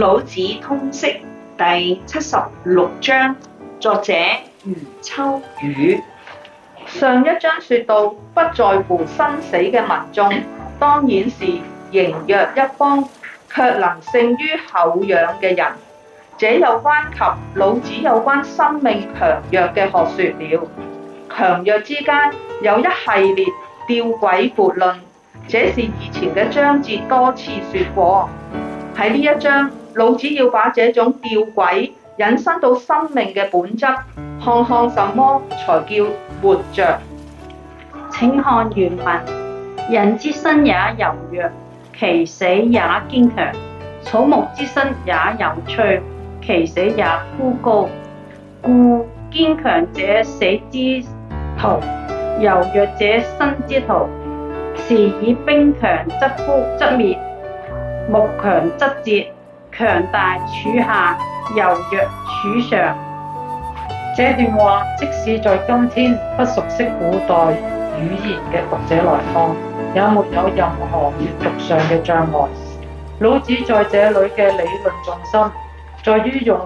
老子通識第七十六章，作者余秋雨。上一章說到不在乎生死嘅民眾，當然是羸弱一方卻能勝於厚養嘅人。這又關及老子有關生命強弱嘅學說了。強弱之間有一系列吊詭悖論，這是以前嘅章節多次說過。喺呢一章，老子要把這種吊詭引申到生命嘅本質，看看什麼才叫活着。請看原文：人之生也柔弱，其死也堅強；草木之生也柔脆，其死也枯槁。故堅強者死之徒，柔弱者生之徒。是以兵強則枯則滅，木強則折。強大處下，柔弱處上。這段話即使在今天不熟悉古代語言嘅讀者來看，也沒有任何閱讀上嘅障礙。老子在這裡嘅理論重心，在於用，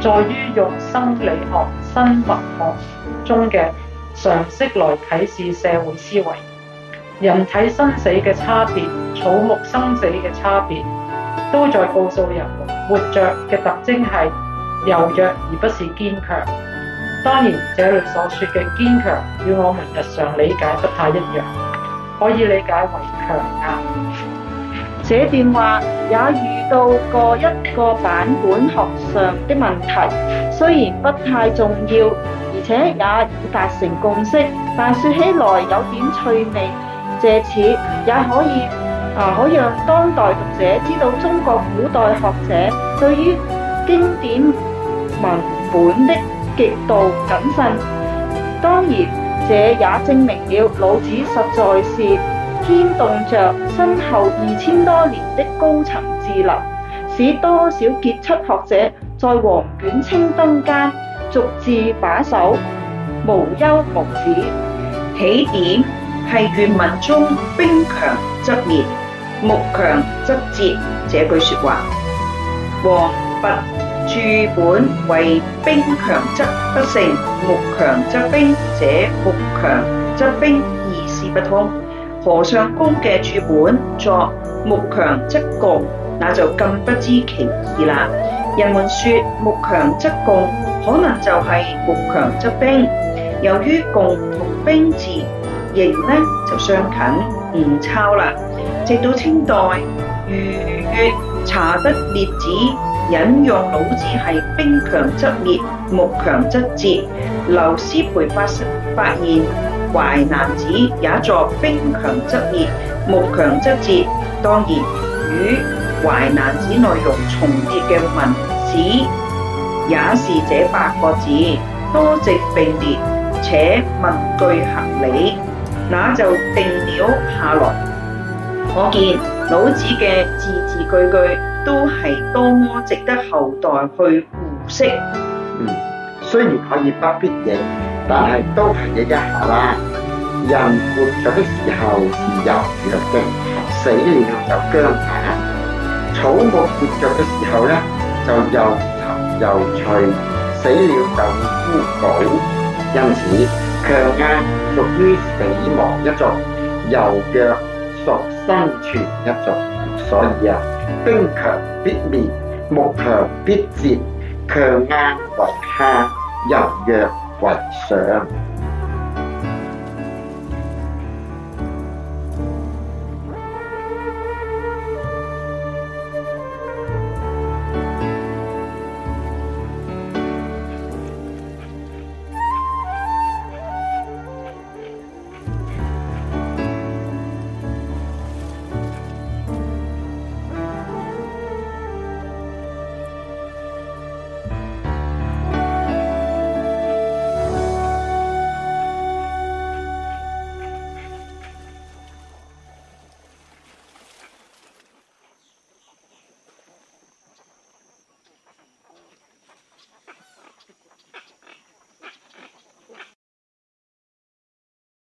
在於用生理學、生物學中嘅常識來啟示社會思維。人體生死嘅差別，草木生死嘅差別。都在告訴人們，活着嘅特徵係柔弱，而不是堅強。當然，這裡所說嘅堅強與我們日常理解不太一樣，可以理解為強硬。這段話也遇到過一個版本學上的問題，雖然不太重要，而且也已達成共識，但說起來有點趣味。借此也可以。嗱，可讓當代讀者知道中國古代學者對於經典文本的極度謹慎。當然，這也證明了老子實在是牽動著身後二千多年的高層智能，使多少傑出學者在黃卷青燈間逐字把守，無憂無止。起點係原文中兵強則滅。木強則折，這句說話。王弼注本為兵強則不勝，木強則兵，者木強則兵意思不通。河上公嘅注本作木強則共，那就更不知其意啦。人們說木強則共，可能就係木強則兵，由於共同兵字。形呢，就相近唔抄啦。直到清代，俞樾查得《列子》引用老子係「兵強則滅，木強則折」。劉師培發發現《淮南子》也作「兵強則滅，木強則折」。當然，與《淮南子》內容重疊嘅《文子》，也是這八個字，多直並列，且文句合理。那就定了下來。可見老子嘅字字句句都係多麼值得後代去悟釋。嗯，雖然可以不必記，但係都提醒一下啦。人活着的時候是柔弱的，死了就僵硬；草木活着嘅時候呢，就又沉又脆，死了就枯槁。因此，強硬屬於死亡一族，柔弱屬生存一族，所以啊，兵強必滅，木強必折，強硬為下，柔弱為上。